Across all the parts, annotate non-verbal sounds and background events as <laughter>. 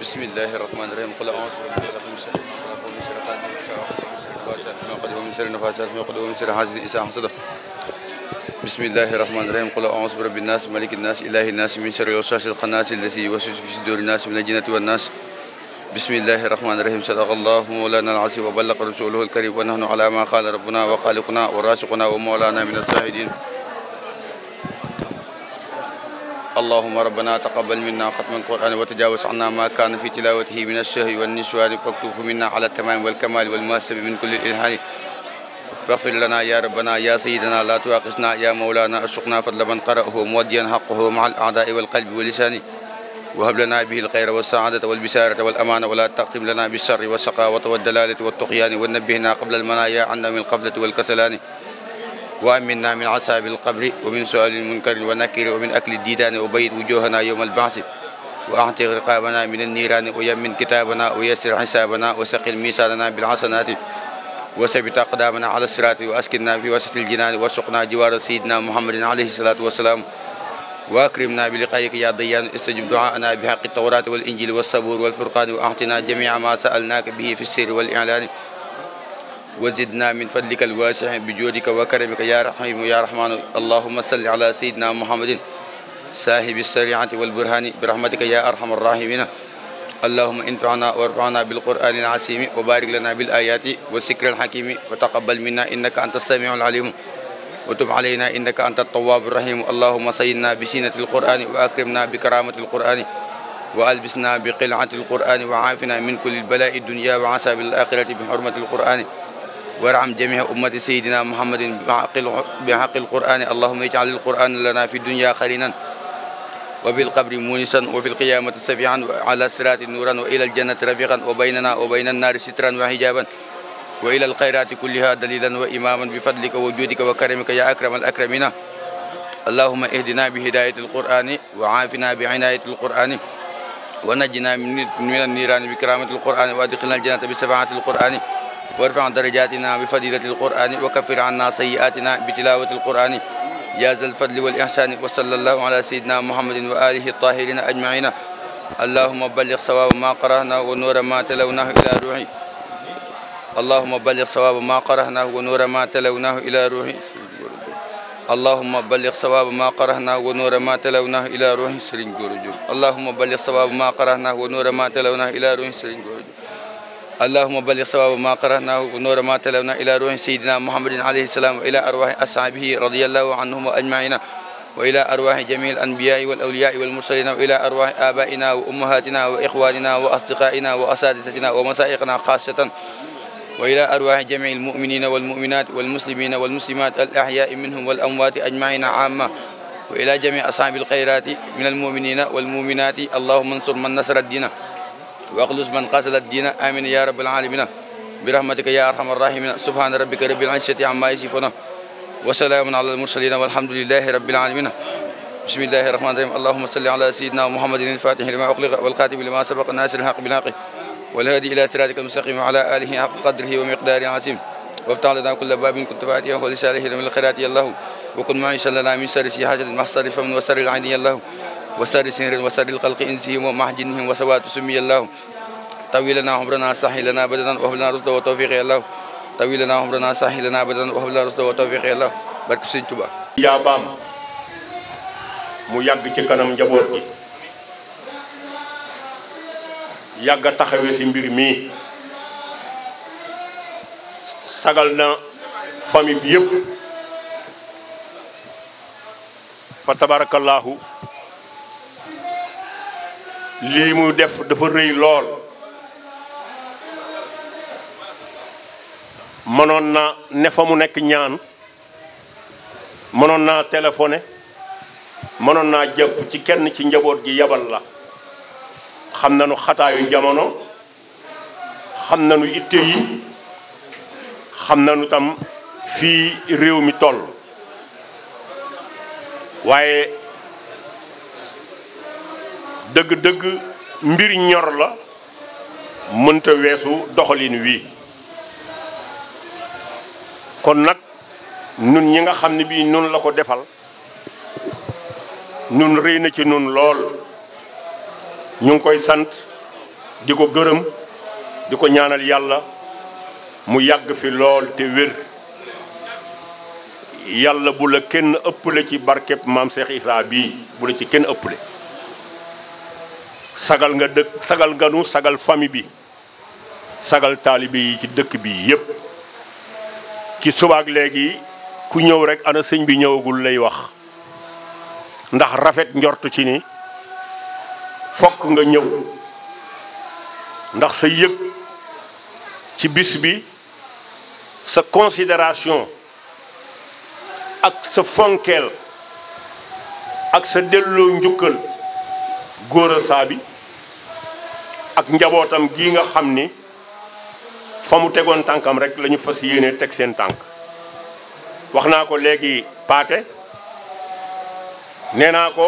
بسم الله الرحمن الرحيم قل اعوذ بسم الله الرحمن الرحيم قل اعوذ برب الناس ملك الناس اله الناس من شر الوسواس الخناس الذي يوسوس في صدور الناس من الجنه والناس بسم الله الرحمن الرحيم صدق الله مولانا العظيم وبلغ رسوله الكريم ونحن على ما قال ربنا وخالقنا ورازقنا ومولانا من الساهدين اللهم ربنا تقبل منا ختم القرآن وتجاوز عنا ما كان في تلاوته من الشهر والنسوان فاكتبه منا على التمام والكمال والمحسب من كل الإلحان فاغفر لنا يا ربنا يا سيدنا لا تواخذنا يا مولانا أشقنا فضل من قرأه موديا حقه مع الأعداء والقلب واللسان وهب لنا به الخير والسعادة والبشارة والأمانة ولا تقتم لنا بالشر والسقاوة والدلالة والطغيان ونبهنا قبل المنايا عنا من القفلة والكسلان وأمنا من عذاب القبر ومن سؤال المنكر والنكر ومن أكل الديدان وبيت وجوهنا يوم البعث وأعتق رقابنا من النيران ويمن كتابنا ويسر حسابنا وسقل ميساننا بالحسنات وثبت أقدامنا على الصراط وأسكننا في وسط الجنان وسقنا جوار سيدنا محمد عليه الصلاة والسلام وأكرمنا بلقائك يا ضيان استجب دعاءنا بحق التوراة والإنجيل والصبور والفرقان وأعطنا جميع ما سألناك به في السر والإعلان وزدنا من فضلك الواسع بجودك وكرمك يا رحيم يا رحمن اللهم صل على سيدنا محمد صاحب السريعه والبرهان برحمتك يا أرحم الراحمين اللهم انفعنا وارفعنا بالقرآن العظيم وبارك لنا بالآيات والسكر الحكيم وتقبل منا إنك أنت السميع العليم وتب علينا إنك أنت التواب الرحيم اللهم سيدنا بسينة القرآن وأكرمنا بكرامة القرآن وألبسنا بقلعة القرآن وعافنا من كل البلاء الدنيا وعسى بالآخرة بحرمة القرآن وارحم جميع أمة سيدنا محمد بحق القرآن اللهم اجعل القرآن لنا في الدنيا خيرنا وفي القبر مونسا وفي القيامة سفيعا وعلى الصراط نورا وإلى الجنة رفيقا وبيننا وبين النار سترا وحجابا وإلى الخيرات كلها دليلا وإماما بفضلك وجودك وكرمك يا أكرم الأكرمين اللهم اهدنا بهداية القرآن وعافنا بعناية القرآن ونجنا من النيران بكرامة القرآن وأدخلنا الجنة بسفاعة القرآن وارفع درجاتنا بفضيلة القرآن وكفر عنا سيئاتنا بتلاوة القرآن يا ذا الفضل والإحسان وصلى الله على سيدنا محمد وآله الطاهرين أجمعين اللهم بلغ صواب ما قرأناه ونور ما تلوناه إلى روحي اللهم بلغ صواب ما قرأناه ونور ما تلوناه إلى روحي اللهم بلغ صواب ما قرأناه ونور ما تلوناه إلى روحي سرين اللهم بلغ صواب ما قرأناه ونور ما تلوناه إلى روحي سرين اللهم بلغ صواب ما قرأناه ونور ما تلونا إلى روح سيدنا محمد عليه السلام وإلى أرواح أصحابه رضي الله عنهم أجمعين وإلى أرواح جميع الأنبياء والأولياء والمرسلين وإلى أرواح آبائنا وأمهاتنا وإخواننا وأصدقائنا وأساتذتنا ومسائقنا خاصة وإلى أرواح جميع المؤمنين والمؤمنات والمسلمين والمسلمات الأحياء منهم والأموات أجمعين عامة وإلى جميع أصحاب الخيرات من المؤمنين والمؤمنات اللهم انصر من نصر الدين واخلص من قصد الدين آمين يا رب العالمين برحمتك يا أرحم الراحمين سبحان ربك رب العزة عما يصفون وسلام على المرسلين والحمد لله رب العالمين بسم الله الرحمن الرحيم اللهم صل على سيدنا محمد الفاتح لما أغلق والخاتم لما سبق ناصر الحق بالحق والهادي إلى صراطك المستقيم وعلى آله حق قدره ومقداره عظيم وافتح لنا كل باب كنت فاتحه ولساله من الخيرات يا الله وكن معي صلى الله من شر حاجة المحصر فمن وسر العين يا الله wa sarri sinrin wa sarril xalqi insihim wa mahjinihim wa sawaatu sumiyallahu tawi lana umrana sahi lana badanan wa hablana rusda wa tawfiqi yallahu tawi lana umrana sahi lana badanan wa hablana rusda wa tawfiqi yallahu barke Sëñ Tuba yaa baam mu yàgg ci kanam njaboot gi yàgg a taxawee si mbir mii sagal na famille bi yëpp fa tabarakallahu lii mu def dafa rëy lool mënoon naa ne fa mu nekk ñaan mënoon naa téléphoné mënoon naa jàpp ci kenn ci njaboot gi yabal la xam nañu xataayu jamono xam nañu itte yi xam nañu tam fii réew mi toll waaye dëgg-dëgg mbir ñor la mënta weesu doxaliin wi kon nag nun ñi nga xam ne bii nun la ko defal nun rëy na ci nun lool ñu ngi koy sant di ko gërëm di ko ñaanal yàlla mu yàgg fi lool te wér yàlla bu la kenn ëppale ci barkeb maam Cheikh Issa bii bu la ci kenn ëpple sagal nga dëkk sagal nganu sagal famille bi sagal taalibe yi ci dëkk bi yépp ci subaak léegi ku ñëw rekk ana sëñ bi ñëwagul lay wax ndax rafet njort ci ni fokk nga ñëw ndax sa yëg ci bis bi sa considération ak sa fonkeel ak sa delloo njukkal góor a saa ak njabootam gii nga xam ni fa mu tegoon tànkam rek lañu fas yéene teg seen tànk wax naa ko léegi paate nee naa ko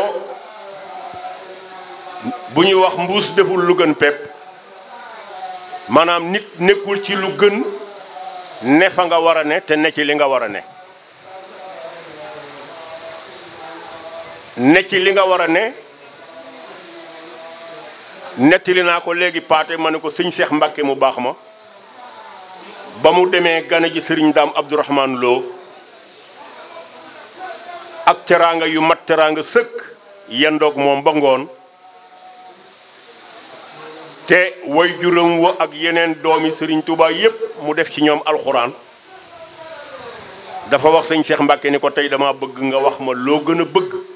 bu ñuy wax mbuus deful lu gën pepp maanaam nit nekkul ci lu gën ne fa nga war a ne te ne ci li nga war a ne ne ci li nga war a ne nettali naa ko léegi paate ma ne ko sëñ Cheikh Mbacke mu baax ma ba mu demee gane ji sëriñ daam Abdourahman Lo ak teraanga yu mat teraanga sëkk yendoog moom ba ngoon te way juróom wa ak yeneen doomi sëriñ tubaay yépp mu def ci ñoom alxuraan dafa wax sëñ Cheikh Mbacke ni ko tey dama bëgg nga wax ma loo gën a bëgg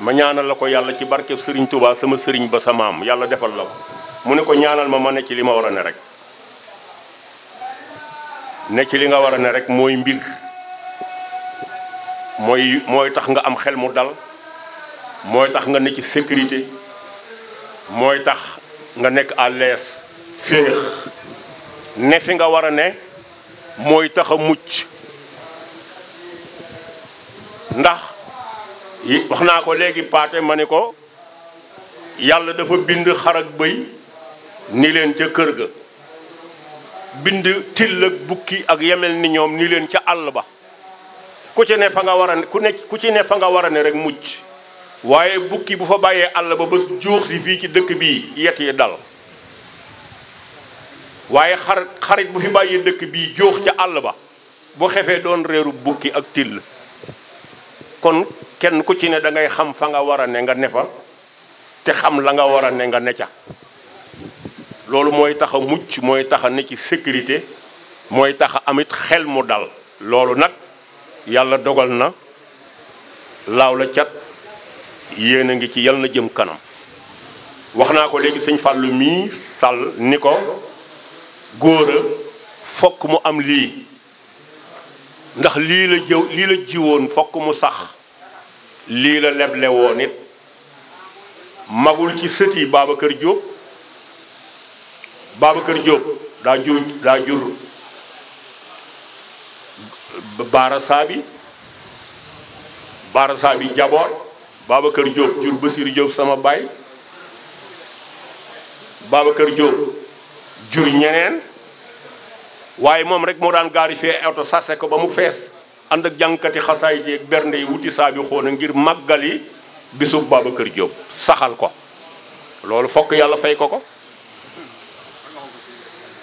ma ñaanal la ko yàlla ci barkeb sëriñ Touba sama sëriñ ba sa yàlla defal la ko mu ne ko ñaanal ma ma ne ci li ma war a ne rek ne ci li nga war a ne rek mooy mbir mooy mooy tax nga am xel mu dal mooy tax nga ne ci sécurité mooy tax nga nekk à l'aise ne fi nga war a ne mooy tax a mucc ndax wax naa ko léegi paate ma ne ko yàlla dafa bind xar ak bëy ni leen ca kër ga bind till ak bukki ak yemel ni ñoom nii leen ca àll ba ku ci ne fa nga war a ku ne ku ci ne fa nga war a ne rek mujj waaye bukki bu fa bàyyee àll ba ba jóox si fii ci dëkk bii yet yi dal waaye xarit bu fi bàyyee dëkk bii jóox ca àll ba bu xefee doon réeru bukki ak till kon kenn ku ci ne dangay xam fa nga war a ne nga ne fa te xam la nga war a ne nga ne ca loolu mooy tax mucc mooy taxa ne ci sécurité mooy taxa amit xel mu dal loolu nag yàlla dogal na laaw la cat yéen a ngi ci yal na jëm kanam wax naa ko léegi sëñ Fallou mii sàll ni ko góor fokk mu am lii ndax lii la jëw lii la jiwoon fokk mu sax lii la leble woo it magul ci sët yi Babacar Diop Babacar Diop daa jur daa jur Baara Saabi Baara Saabi jaboot Babacar jur Basir Diop sama baay Babacar Diop jur ñeneen waaye moom rek moo daan gaari fee oto sarse ko ba mu fees ànd ak jànkati xasaay jeeg bernde yi wuti saabi xoona ngir màggali bisub kër Diop saxal ko loolu fokk yàlla fay ko ko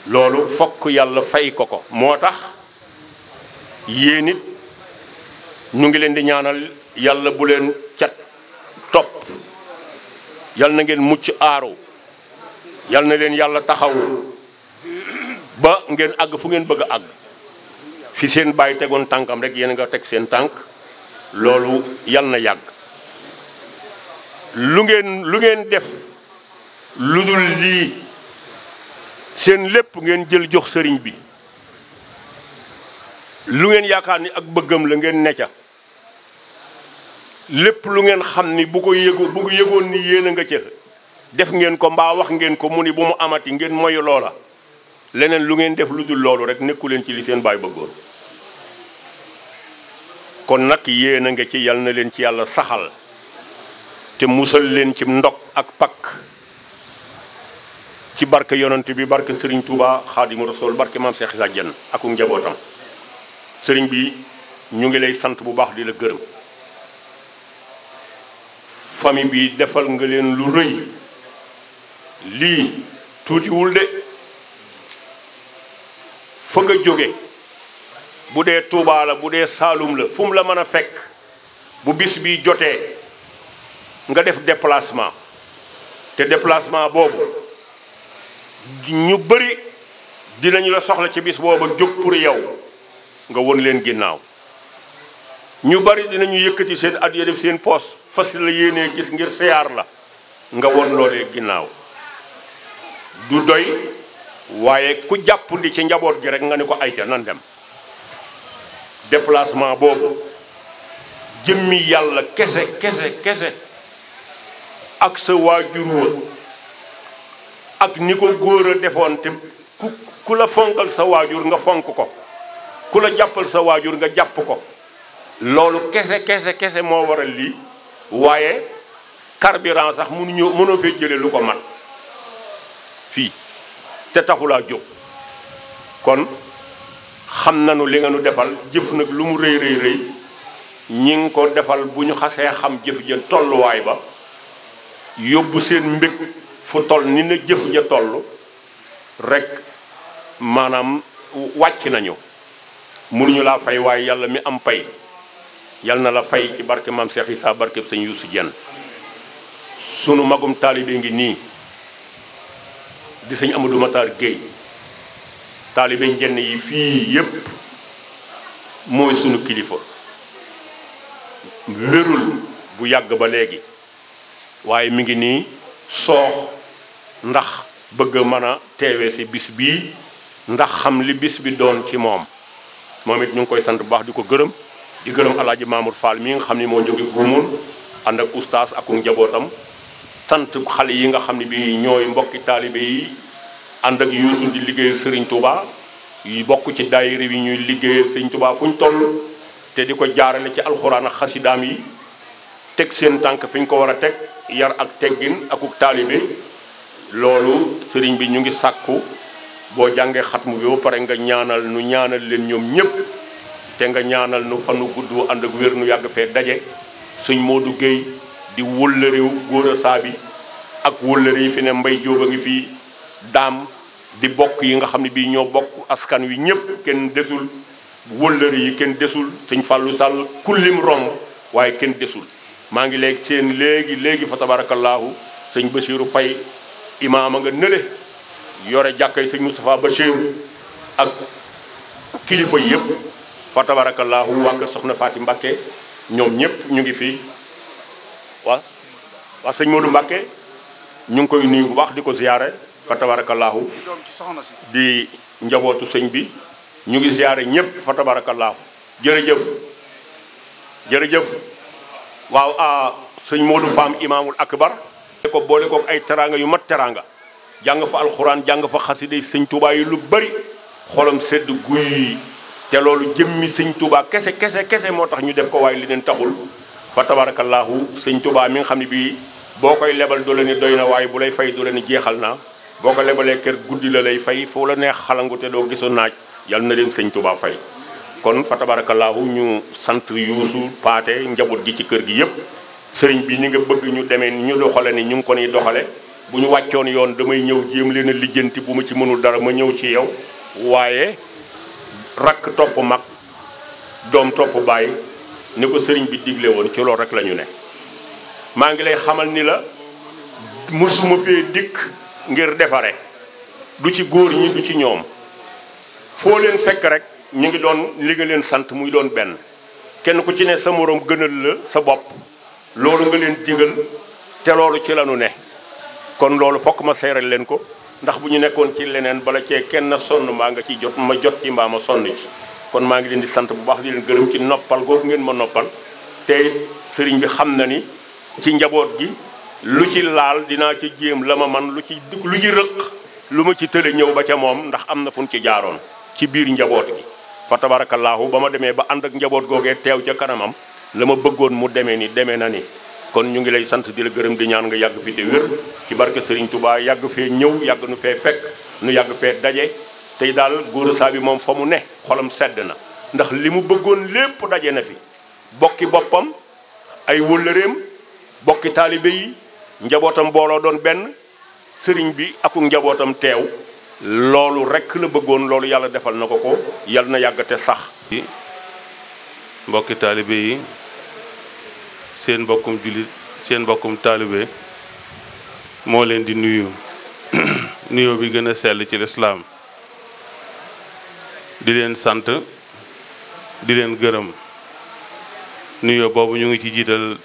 loolu fokk yàlla fay ko ko moo tax yéen ñu ngi leen di ñaanal yàlla bu leen cat topp yàlla na ngeen mucc aaro yàlla na leen yàlla taxaw ba ngeen àgg fu ngeen bëgg a àgg fi seen baay tegoon tànkam rek yéen a nga teg seen tànk loolu yal na yàgg lu ngeen lu ngeen def lu dul lii seen lépp ngeen jël jox sëriñ bi lu ngeen yaakaar ni ak bëggam la ngeen ne lépp lu ngeen xam ni bu ko yëgoon bu ko yëgoon ni yéen a nga ca def ngeen ko mbaa wax ngeen ko mu ni bu mu amati ngeen moyu loola leneen lu ngeen def lu dul loolu rek nekku leen ci li seen baay bëggoon kon nag yéen a nga ci yal na leen ci yàlla saxal te musal leen ci ndog ak pakk ci barke yonent bi barke Serigne Touba Xaadimu sol barke maam Cheikh Issa Diène ak um njabootam Serigne bi ñu ngi lay sant bu baax di la gërëm famille bi defal nga leen lu rëy lii tuutiwul de fa nga jóge budé Touba la salum dee Saloum la fum la mëna fekk bu bis bi joté nga def déplacement té déplacement bobu ñu bëri dinañu la soxla ci bis bobu jóg pour yow nga won leen ginnaw ñu bari dinañu yëkëti seen ad ya def seen poste fas la yéné gis ngir xiyar la nga won loolee ginnaw du doy waye ku jàppandi ci njabot gi rek nga ni ko nan dem déplacement boobu jëmmi yàlla kese kese kese ak sa waajur wa ak ni ko góor a defoon te ku ku la fonkal sa waajur nga fonk ko ku la jàppal sa waajur nga jàpp ko loolu kese kese kese moo waral lii waaye carburant sax mënuñu mënoo fee jële lu ko mat fii te taxulaa jóg kon xam nanu li nga nu defal jëf nag lu mu rëy rëy rëy ñi ngi ko defal bu ñu xasee xam jëf ja tolluwaay ba yóbbu seen mbég fu toll ni na jëf ja toll rekk maanaam wàcc nañu mënuñu laa fay waaye yàlla mi am pay yàlla na la fay ci barke maam Cheikh Issa barkeb sëñ Youssou Dieng sunu magum taalibe ngi nii di sëñ Amadou Matar Guèye taalibe njenn yi fii yépp mooy sunu kilifa wérul bu yàgg ba léegi waaye mi ngi nii soox ndax bëgg mën a teewe ci bis bii ndax xam li bis bi doon ci moom moom it ñu ngi koy sant bu baax di ko gërëm di gërëm alaaji Mamour Fall mi nga xam ni moo jóge guumul ànd ak oustaz ak njabootam sant xale yi nga xam ne bi ñooy mbokki taalibe yi ànd ak Youssou di liggéeyu Serigne Touba yi bokk ci daayira yi ñuy liggéeyal Serigne Touba fu ñu toll te di ko jaarale ci alxuraan ak xasidaam yi teg seen tànk fi ñu ko war a teg yar ak teggin akuk taalibe loolu sëriñ bi ñu ngi sàkku boo jàngee xatmu bi ba pare nga ñaanal nu ñaanal leen ñoom ñëpp te nga ñaanal nu fanu gudd ànd ak wér nu yàgg fee daje suñ moo Guèye di wëllëreew góor a saabi ak wëllëre yi fi ne mbay jóoba ngi fii daam di bokk yi nga xam ne bii ñoo bokk askan wi ñëpp kenn desul wëllëri yi kenn desul sëñ Fallou Sall kullim romb waaye kenn desul maa ngi léegi seen léegi léegi fa tabarakallahu sëñ pay Faye a nga nële yore jàkkay sëñ Moustapha Bassirou ak kilifa yëpp fa tabarakallahu wàkk soxna Faati Mbàkke ñoom ñëpp ñu ngi fii waa waa sëñ Modou Mbàkke ñu ngi koy nuyu bu baax di ko ziyaare fa di njabotu sëñ bi ñu ngi ziyaare ñëpp fa tabarakallahu jere jërëjëf waaw a sëñ Modou Fam imamul akbar ko bolé ko ay teranga yu mat teranga jang fa alquran jang fa xasida sëñ touba yi lu bari xolam sedd guuy té lolu jëmmi sëñ touba kese kese kese motax ñu def ko way li den taxul fa tabarakallahu sëñ Tuubaa mi nga xamni bi lebal do la ni na bu lay fay do la ni boo ko lebalee kër guddi la lay fay foo la neex xalangu te doo gisu naaj yal na leen sëñ Tuubaa fay kon fa tabarakallahu ñu sant yuusu paate njaboot gi ci kër gi yëpp sëriñ bi ñi nga bëgg ñu demee ñu doxale ni ñu ngi ko ni doxale bu ñu wàccoon yoon damay ñëw jéem leen lijjanti bu ma ci mënul dara ma ñëw ci yow waaye rakk topp mag doom topp bàyyi ni ko sëriñ bi digle woon ci loolu rek la ñu ne maa ngi lay xamal ni la mësuma fee dikk ngir defare du ci góor ñi du ci ñoom foo leen fekk rek ñu ngi doon li leen sant muy doon benn kenn ku ci ne sa moroom gënal la sa bopp loolu nga leen digal te loolu ci lanu ne kon loolu fokk ma seeral leen ko ndax bu ñu nekkoon ci leneen bala cee kenn sonn maa nga ci jot ma jot ci mbaa ma sonn ci kon maa ngi leen di sant bu baax di leen gërëm ci noppal googu ngeen ma noppal te sëriñ bi xam na ni ci njaboot gi lu ci laal dinaa ci jéem la ma man lu ci lu ci rëq lu ma ci tële ñëw ba ca moom ndax am na fu ci jaaroon ci biir njaboot gi fa tabarakallahu ba ma demee ba ànd ak njaboot googee teew ca kanamam la ma bëggoon mu demee ni demee na ni kon ñu ngi lay sant di la gërëm di ñaan nga yàgg fi te wér ci barke sëriñ Touba yàgg fee ñëw yàgg nu fee fekk nu yàgg fee daje tey daal góoru saa bi moom fa mu ne xolam sedd na ndax li mu bëggoon lépp daje na fi bokki boppam ay wëllëreem njabootam booloo doon benn sëriñ bi aku njabootam teew loolu rekk la bëggoon loolu yàlla defal na ko ko yàlla na yàggate sax mbokki taalibe yi seen mbokkum jullit seen mbokkum taalibe moo leen di nuyu <clears throat> nuyo bi gën a sell ci lislaam di leen sant di leen gërëm nuyo boobu ñu ngi ci jiital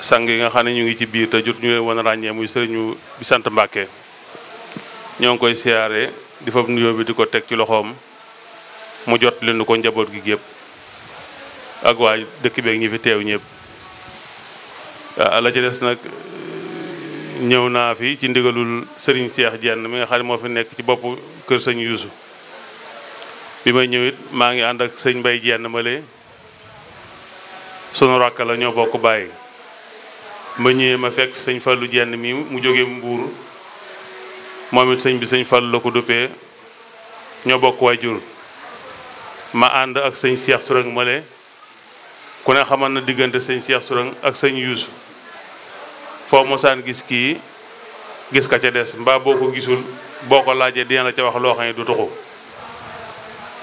sang yi nga xam ne ñu ngi ci biir te jur ñu leen wan ràññee muy sëriñu bi sant Mbàkke ñoo ngi koy siyaare di fab nuyoo bi di ko teg ci loxoom mu jot leen ko njaboot gi gépp ak waa dëkk beeg ñi fi teew ñëpp ah, la ci des nag ñëw naa fi ci ndigalul sëriñ Seex Jenn mi nga xam ne moo fi nekk ci bopp kër sëñ Yuusu bi may ñëwit maa ngi ànd ak sëñ Mbay Jenn ma lee sunu rakk la ñoo bokk bàyyi ba ñëwee ma fekk sëñ Fallou jenn mii mu jóge Mbuur moom it sëñ bi sëñ Fallou la ko duppee ñoo bokk waajur ma ànd ak sëñ seex Sourang Male ku ne xamal na diggante sëñ seex Sourang ak sëñ Youssou foo mosaan gis kii gis ka ca des mbaa boo ko gisul boo ko laajee dina la ca wax loo xam ne du tuxu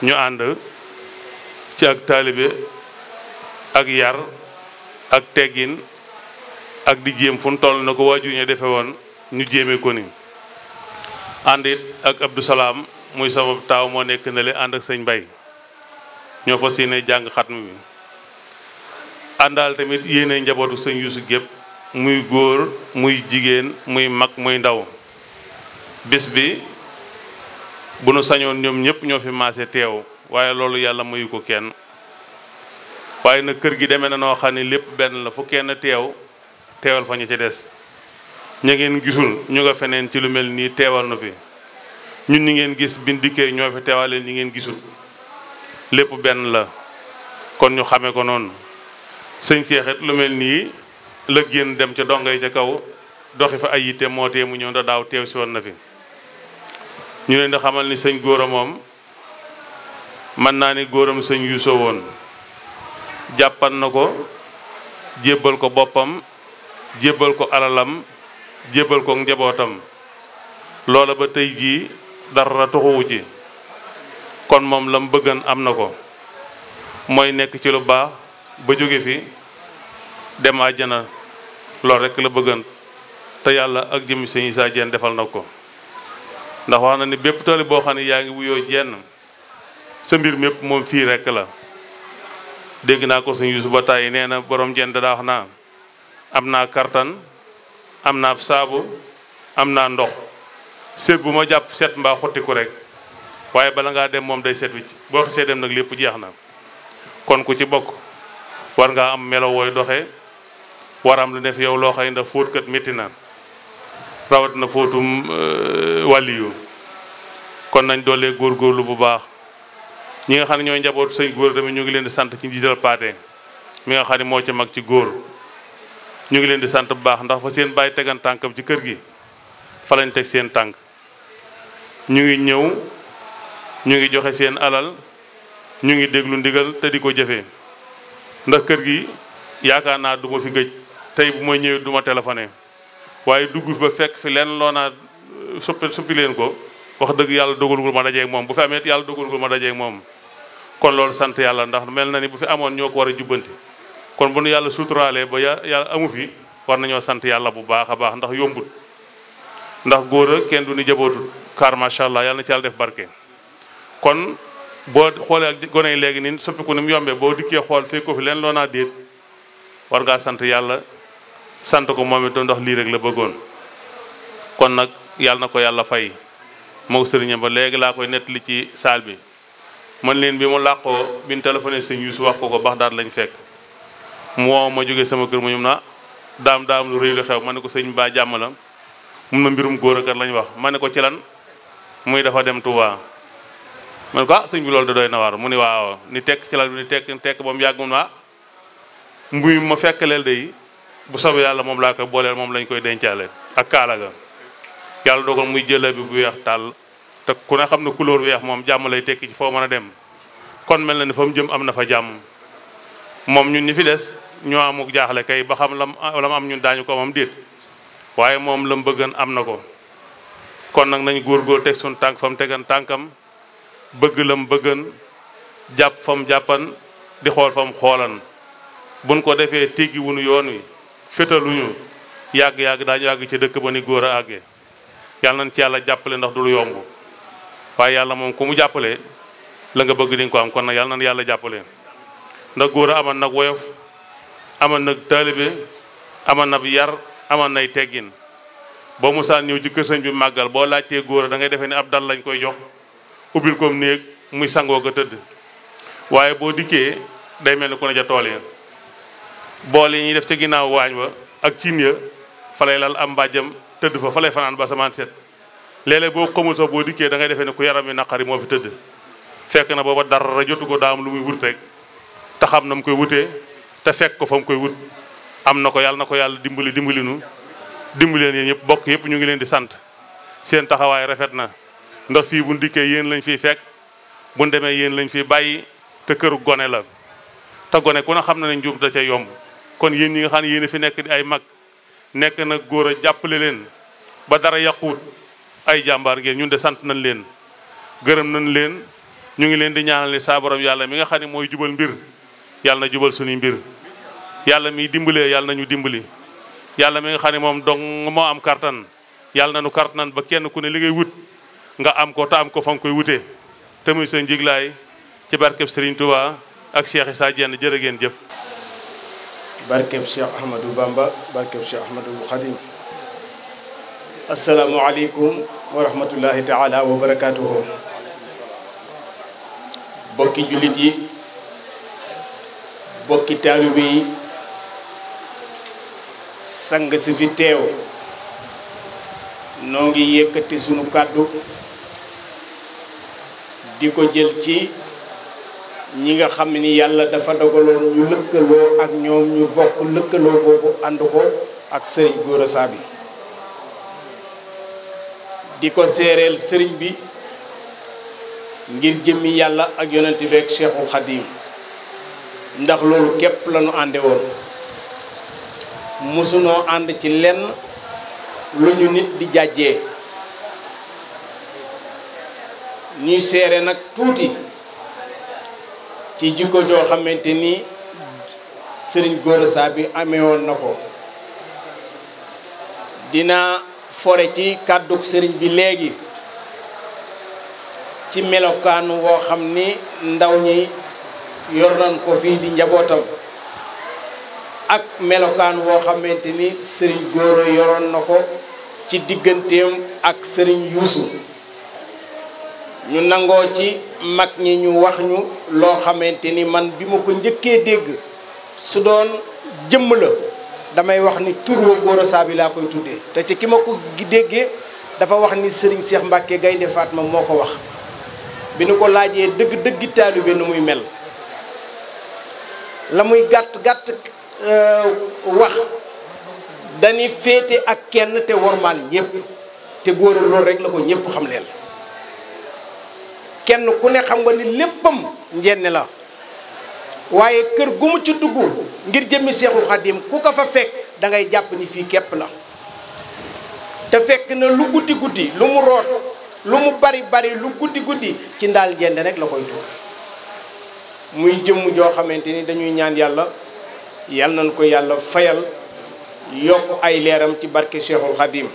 ñu ànd ci ak taalibe ak yar ak teggin ak di jëm fu toll nako waju waaju ñu defe ñu jëmé ko ni ànd ak Abdou salam muy sama taw mo nek na le and ak señ bay ño fas yéene jang bi andal tamit yene njabotu señ yusuf gep muy gor muy jigen muy mak muy ndaw bis bi bu nu sañoon ñoom ñëpp ñoo fi maase teew waye lolu yalla mayu ko kenn waye na kër gi démé na no xani lepp ben la fu kenn teewal fa ñu ci des ñu ngeen gisul ñu nga feneen ci lu mel nii teewal nu fi ñun ñi ngeen gis bin ñoo fi teewaleen ñi ngeen gisul lépp benn la kon ñu xamee ko noonu sëñ seexit lu mel nii la génn dem ca dongo yi ca kaw doxi fa ay yitte moo tee mu ñëw da daaw teew si woon na fi ñu leen di xamal ni sëñ góora moom mën naa ni góoram sëñ yuuso woon jàppan na ko jébbal ko boppam jébbal ko alalam jébbal ko njabootam loola ba tey jii dara tuxuwu ci kon moom lam bëggan am na ko mooy nekk ci lu baax ba jóge fi dem àjjana loolu rekk la bëggan te yàlla ak jëmmi sëñ Issa Diène defal na ko ndax wax na ni bépp tali boo xam ne yaa ngi wuyoo jenn sa mbir mépp moom fii rekk la dégg naa ko sëñ Yuusu ba tàyyi nee na borom jenn da daa wax naa am naa kartan am naa saabu am naa ndox seet bu ma jàpp seet mbaa xottiku rek waaye bala ngaa dem moom day seet wicc boo xasee dem nag lépp jeex na kon ku ci bokk war ngaa am melo wooy doxee war am lu ne fi yow loo xëy ndax fóot kat métti na rawat na fóotum euh, wàlliyu kon nañ doolee góorgóorlu bu baax ñi nga xam ne ñooy njaboot sëñ góor tamit ñu ngi leen di sant ci njiital paate mi nga xam ne moo ci mag ci góor ñu ngi leen di sant bu baax ndax fa seen bàyyi tegan tànkam ci kër gi fa lañ teg seen tànk ñu ngi ñëw ñu ngi joxe seen alal ñu ngi déglu ndigal te di ko jëfe ndax kër gi yaakaar naa du ma fi gëj tey bu ma ñëwee du ma téléphoné waaye dugg ba fekk fi leen loo naa euh, suppi suppi leen ko wax dëgg yàlla dogalugul ma dajeeg moom bu fi amee yàlla dogalugul ma dajee moom kon loolu sant yàlla ndax mel na ni bu fi amoon ñoo ko war a jubbanti. kon bu nu yàlla suturaalee ba yàlla amu fi war nañoo sant yàlla bu baax a baax ndax yombut ndax góor kenn du ni jabootut kaar macha allah yàlla na ci yàlla def barke. kon boo xoolee ak gone yi léegi nii soppiku ni mu yombee boo dikkee xool fii ko fi leen loo naa déet war ngaa sant yàlla sant ko moom itam ndax lii rek la bëggoon kon nag yàlla na ko yàlla fay moo sëriñam ba léegi laa koy nettali ci saal bi man leen bi mu làqoo bi ñu si sëñ Youssou wax ko ko Baxdaad lañ fekk. mu woo ma jógee sama kër mu ñoom na daam daam lu rëy la xew ma ne ko sëñ Ba jàmm la mun na mbirum góor a akat lañ wax ma ne ko ci lan muy dafa dem Touba ma ne ah sëñ bi loolu da doy na waar mu ni waaw ni tekk ci lan ni tekk ni tekk ba mu yàgg mu ah fekk leel day bu soobee yàlla moom laa koy booleel moom lañ koy dencaale ak kaala ga yàlla dogal muy jëla bi bu weex tàll te ku ne xam ne couleur weex moom jàmm lay tekki ci foo mën a dem kon mel na ni fa jëm am na fa jàmm moom ñun ñi fi des ñoo amuk jaaxle kay ba xam lam lam am ñun daañu ko moom déet waaye moom lam bëggën am na ko kon nag nañ góor teg suñ tànk fa mu tegan tànkam bëgg lam bëggan jàpp fa mu jàppan di xool fa mu bu buñ ko defee téggi wunu yoon wi fétaluñu yàgg-yàgg daañu yàgg ci dëkk ba ni góor a àggee yàlla nañ ci yàlla jàppale ndax dulu lu yomb waaye yàlla moom ku mu jàppale la nga bëgg di ko am kon nag yàlla nañ yàlla jàppale ndax góor a amal nag woyof amoon nag taalibe amoon na yar amoon nay teggin boo musaan ñëw ci kër sëñ bi màggal boo laajtee góor dangay ngay defee ne ab dal lañ koy jox ubbil koom néeg muy sangoo ko tëdd waaye boo dikkee day mel ni ku ne tool ya bool yi ñuy def ca ginnaaw waañ wa ak cin fa lay am mbàjjam tëdd fa fa lay fanaan ba samaan set boo xamul sax boo dikkee da ngay defee ne ku yaram wi naqari moo fi tëdd fekk na booba dara jotu ko daa am lu muy wut rek te xam na mu koy wutee te fekk ko fa mu koy wut am na ko yàlla na ko yàlla dimbali dimbali nu leen yéen ñëpp bokk yëpp ñu ngi leen di sant seen taxawaay rafet na ndax fii bu ndikkee yéen lañ fiy fekk bu demee yéen lañ fiy bàyyi te këru gone la te gone ku ne xam na ne njuum da ca yomb kon yéen ñi nga xam ne yéen a fi nekk di ay mag nekk na góor a jàppale leen ba dara yàquwut ay jàmbaar ngeen ñun de nañ leen gërëm nañ leen ñu ngi leen di ñaanal ne saa yàlla mi nga xam ni mooy jubal mbir yàlla jubal suñuy mbir yàlla mi dimbalee yàlla nañu dimbali yàlla mi nga moom don moo am kartan yàlla na nañu kartan ba kenn ku ne liggéey wut nga am ko taam ko fa koy wute te muy sa njiglaay ci barkeb Serigne Touba ak Cheikh Issa Diène jërë ngeen jëf barkeb Cheikh Ahmadou Bamba barkeb Cheikh Ahmadou Khadim asalaamualeykum wa rahmatullahi taala wa barakaatuhu bokki jullit yi bokki taalibe yi sang si fi teew noo ngi yëkkati sunu kàddu di ko jël ci ñi nga xam ni yàlla dafa dogaloon ñu lëkkaloo ak ñoom ñu bokk lëkkaloo boobu ànd ko ak sëriñ Gora Saby di ko seereel sëriñ bi ngir jëmmi yàlla ak yonent beeg Cheikhul Khadim ndax loolu képp la ñu ànde woon mosunoo ànd ci lenn lu ñu nit di jàjjee ñuy seere nag tuuti ci jikko joo xamante ni sëriñ Gora bi amee na ko dina fore ci kàddug sëriñ bi léegi ci melokaanu woo xam ni ndaw ñi yor nañ ko fii di njabootam ak melokaan woo xamante ni sëriñ góoro yoroon na ko ci digganteem ak sëriñ yuusu ñu nangoo ci mag ñi ñu wax ñu loo xamante ni man bi ma ko njëkkee dégg su doon jëmm la damay wax ni tur wa góoro laa koy tuddee te ci ki ma ko déggee dafa wax ni sëriñ Cheikh Mbacke Gaynde Fatma moo ko wax bi nu ko laajee dëgg dëggi taalibe nu muy mel la muy gàtt gàtt wax dañuy féete ak kenn te wormaal ñëpp te góor loolu rek la ko ñëpp xam leen kenn ku ne xam nga ni léppam njenn la waaye kër gu mu ci dugg ngir jëmmi seexul xadim ku ko fa fekk da ngay jàpp ni fii képp la te fekk na lu guddi guddi lu mu root lu mu bari bari lu guddi guddi ci ndaal njenn rek la koy tuur muy jëmm joo xamante ni dañuy ñaan yàlla yal nañ ko yàlla fayal yokk ay leeram ci barke Cheikhul Khadim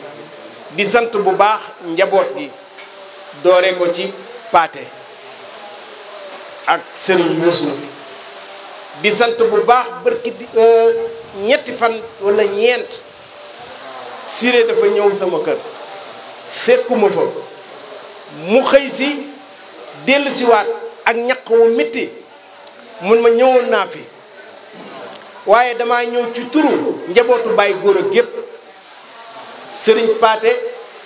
di sant bu baax njaboot gi doore ko ci paate ak sëriñ Moussa di sant bu baax barki euh, ñetti fan walla ñeent Siré dafa ñëw sama kër fekkuma fa mu xëy si dellusiwaat ak ñaq wu métti mun ma ñëwoon naa fi waaye dama ñëw ci turu njabootu Baye góor a gépp sëriñ Paate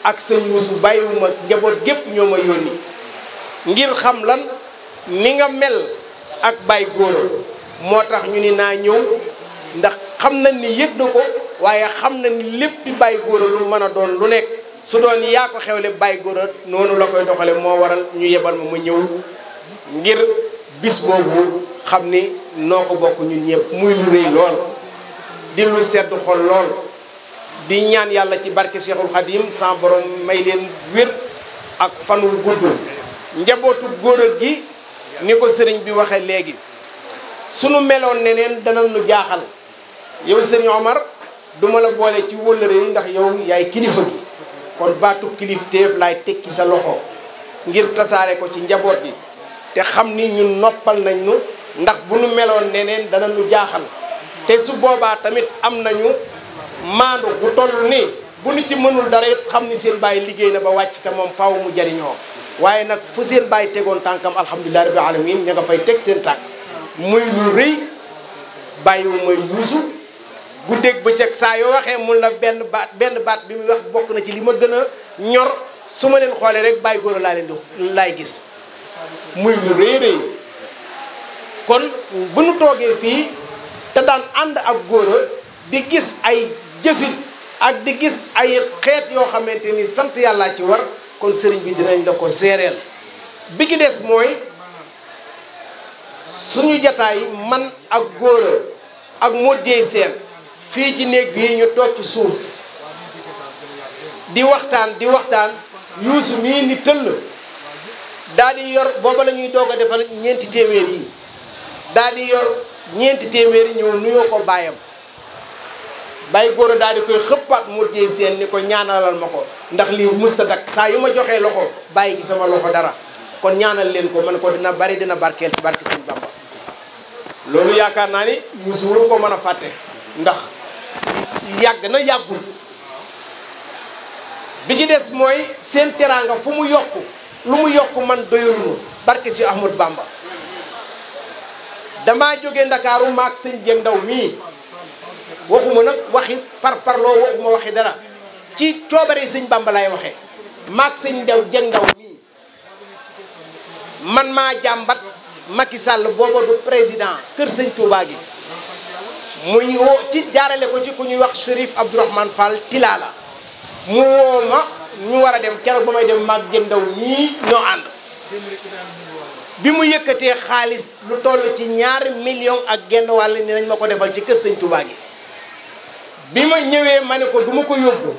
ak sëriñ Yuusu bàyyiwuma njaboot gépp ñoo ma yónni ngir xam lan ni nga mel ak Baye góor moo tax ñu ni naa ñëw ndax xam na ni yëg na ko waaye xam na ni lépp di Baye góor lu mën a doon lu nekk su doon yaa ko xewle Baye góor a noonu la koy doxale moo waral ñu yebal ma ma ñëw ngir bis boobu xam ni noo ko bokk ñun muy lu rëy lool di sedd xol lool di ñaan yàlla ci barke Cheikhul Khadim sa borom may leen wér ak fanul gudd njabootu góor gi ni ko sëriñ bi waxee léegi sunu meloon neneen dana nu jaaxal yow sëriñ Omar duma la boole ci wëllëre yi ndax yow yaay kilifa gi kon baatu kilif lay laay tekki sa loxo ngir tasaare ko ci njaboot gi te xam ni ñun noppal nañ ñu ndax bu nu meloon neneen dana ñu jaaxal te su boobaa tamit am nañu maandu bu toll nii bu ñu ci mënul dara it xam ni seen bàyyi liggéey na ba wàcc te moom faw mu jariñoo waaye nag fu seen bàyyi tegoon tànkam alhamdulilah rabbil alamin ña nga fay teg seen tànk muy lu rëy bàyyiwu may yuusu guddeeg bëccëg saa yoo waxee mun la benn baat benn baat bi muy wax bokk na ci li ma gën a ñor su ma leen xoolee rek bàyyi góor laa leen di laay gis muy lu rëy rëy kon bu nu toogee fii te daan ànd ak góora di gis ay jëfit ak di gis ay xeet yoo xamante ni sant yàllaa ci war kon sëriñ bi dinañ la ko seereel bi gi des mooy suñu jataay man ak góora ak moddeey seen fii ci néeg bi ñu toog ci suuf di waxtaan di waxtaan yuusu mii ni tëll daal di yor booba la ñuy doog a defal ñeenti téeméer yi daal di yor ñeenti téeméer yi ñëw nuyoo ko baayam bàyyi góor a daal di koy xëppaat mu jëy seen ni ko ñaanalal ma ko ndax lii musta dakk saa yu ma joxee loxo bàyyi gi sama loxo dara kon ñaanal leen ko man ko dina bari dina barkeel ci barke sëñ Bamba loolu yaakaar naa ni musu waru ko mën a fàtte ndax yàgg na yàggul bi ci des mooy seen teraanga fu mu yokku lu mu yokk man doyaluma barke si Ahmad Bamba damaa jóge ndakaaru maak sëñ Dieng Ndaw mii waxuma nag waxi par parloo waxuma waxi dara ci coobare sëñ Bamba lay waxe maak sëñ Ndaw Dieng Ndaw mii man maa jàmbat Macky sàll booba du président kër sëñ Touba gi muy woo ci jaarale ko ci ku ñuy wax Chérif Abdourahmane Fall Tilala mu woo ma ñu war a dem keroog ba may dem mag jëm ndaw ñii ñoo ànd bi mu yëkkatee xaalis lu toll ci ñaari million ak genn wàll ni nañ ma ko defal ci kër sëñ Touba gi bi ma ñëwee ma ne ko du ma ko yóbbu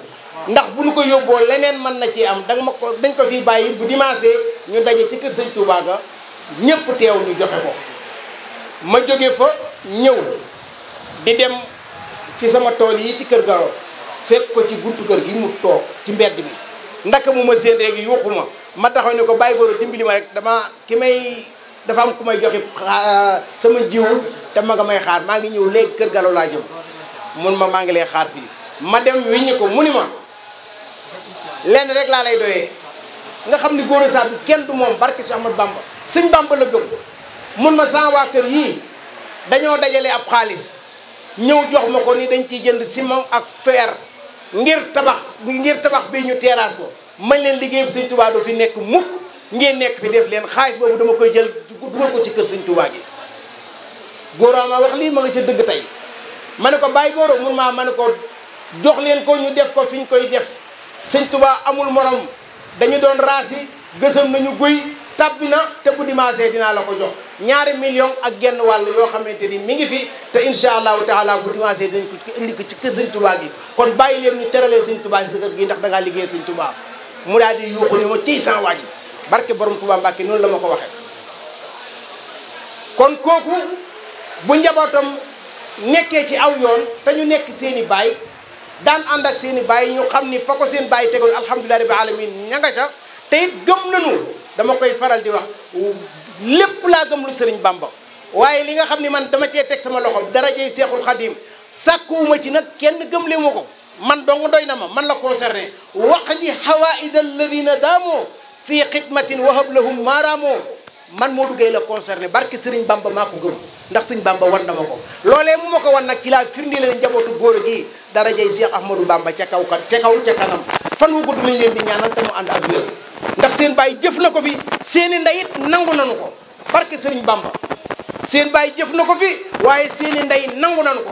ndax bu ñu ko yóbboo leneen mën na ci am danga ma ko dañ ko fi bàyyi bu dimanche ñu daje ci kër sëñ Touba ga ñëpp teew ñu joxe ko ma jóge fa ñëw di dem ci sama tool yi ci kër garo fekk ko ci buntu kër gi mu toog ci mbedd mi ndaka mu ma séen rek yuuxu ma ma taxaw ne ko bàyyi góor dimbali ma rek dama ki may dafa am ku may joxe euh, sama jiw te ma nga may xaar maa ngi ñëw léegi kër galo laa jëm mun ma maa ngi lay xaar fii ma dem wiñ ko mu ni ma lenn rek laa lay doyee nga xam ni góor saat kenn du moom barke Cheikh Ahmadou Bamba sëñ Bamba la gëm mun ma saa waa kër yii dañoo dajale ab xaalis ñëw jox ma ko ni dañ ciy jënd ciment ak fer ngir tabax ngir tabax bii ñu terrasse ko mañ leen liggéeyam sëñ Tuubaa du fi nekk mukk ngeen nekk fi def leen xaalis boobu dama koy jël dugal ko ci kër sëñ Tuubaa gi góoraa ma wax lii ma nga ca dëgg tey ma ne ko bàyyi góoro mun maa ma ne ko dox leen ko ñu def ko fi ñu koy def sëñ Tuubaa amul morom dañu doon raasi gësam nañu guy tàbbi na te bu dimaasee dinaa la ko jox ñaari million ak genn wàll yoo xamante ni mi ngi fi te incha allahu taala bu dimanche dañ ko indi ko ci kër sëñ Tuubaa gi kon bàyyi leen ñu teralee sëñ Tuubaa si sa kër gi ndax da ngaa liggéey sëñ mu daal yuuxu ni ma tiy san waaji barke borom Tuubaa Mbàkke noonu la ma ko waxee kon kooku bu njabootam nekkee ci aw yoon te ñu nekk seen i baay daan ànd ak seen i baay ñu xam ni fa ko seen baay tegoon alhamdulilah rabbi alamin ña nga ca te it gëm nañu dama koy faral di wax lépp laa gëm lu sëriñ Bamba waaye li nga xam ni man dama cee teg sama loxo darajey seexul xadim sàkkuwuma ji nag kenn gëm li ma ko man dong doy na ma man la concerné wax ji hawaïda alladina daamoo fii xidmatin wahab lahum maaraamoo man moo duggee la concerné barke sëriñ Bamba maa ko gëm ndax sëriñ Bamba wan na ma ko loole mu ma ko wan nag ci laa firndi leen njabootu góor gi darajey Seex Ahmadou Bamba ca kaw kat ca kaw ca kanam fan wu gudd lañ leen di ñaanal te mu ànd ndax seen bàyyi jëf na ko fi seeni ndey it nangu nanu ko barke sëriñ Bamba seen bàyyi jëf na ko fi waaye seeni ndey nangu nanu ko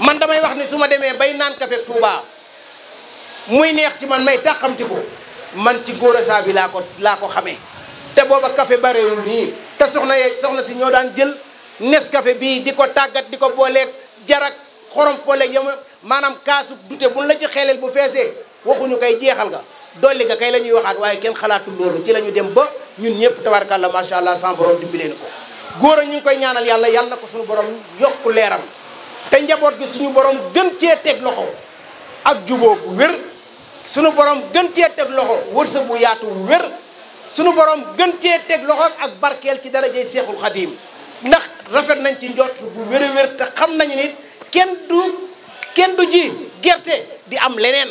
man damay wax ni su ma demee bay naan kafe Touba muy neex ci man may tàqamti ko man ci góor a saa bi laa ko laa ko xamee te booba kafe bareewul nii te soxna ye soxna si ñoo daan jël nes kafe bii di ko tàggat di ko booleeg jarak xorom pole yama maanaam kaasu dute buñ la ci xelel bu feesee waxuñu koy jeexal nga dolli nga kay la ñuy waxaat waaye kenn xalaatul loolu ci la dem ba ñun ñëpp tabarkàlla macha allah sans borom dimbali leen ko góor a ñu koy ñaanal yàlla yàlla na ko suñu borom yokku leeram te njaboot gi suñu borom gën cee teg loxo ak jubook bu wér suñu borom gën cee teg loxo wërsëg bu yaatu wér suñu borom gën cee teg loxo ak barkeel ci dara darajey seexul xadiim ndax rafet nañ ci njott bu wér a wér te xam nañu nit kenn du kenn du ji gerte di am leneen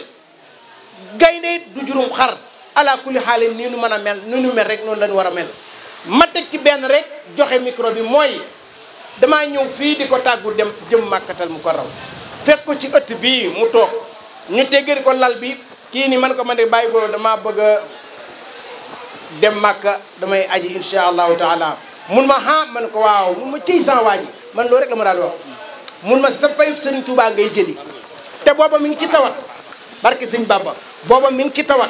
gaynde du juróom xar ala kulli xaalim nii nu mën a mel ni nu mel rek noonu lañu war a mel ma teg ci benn rek joxe micro mooy damaa ñëw fii di ko tàggu dem jëm màkkatal mu ko raw fekk ko ci ëtt bii mu toog ñu teggeel ko lal bi kii ni man ko man de bàyyi ko damaa bëgg a dem màkka damay aji insha allahu taala mun ma ma man ko waaw mun ma ciy san waaji man loolu rek la ma daal wax mun ma sa payut sëriñ Tuubaa ngay jëli te booba mi ngi ci tawat barke sëñ Bamba booba mi ngi ci tawat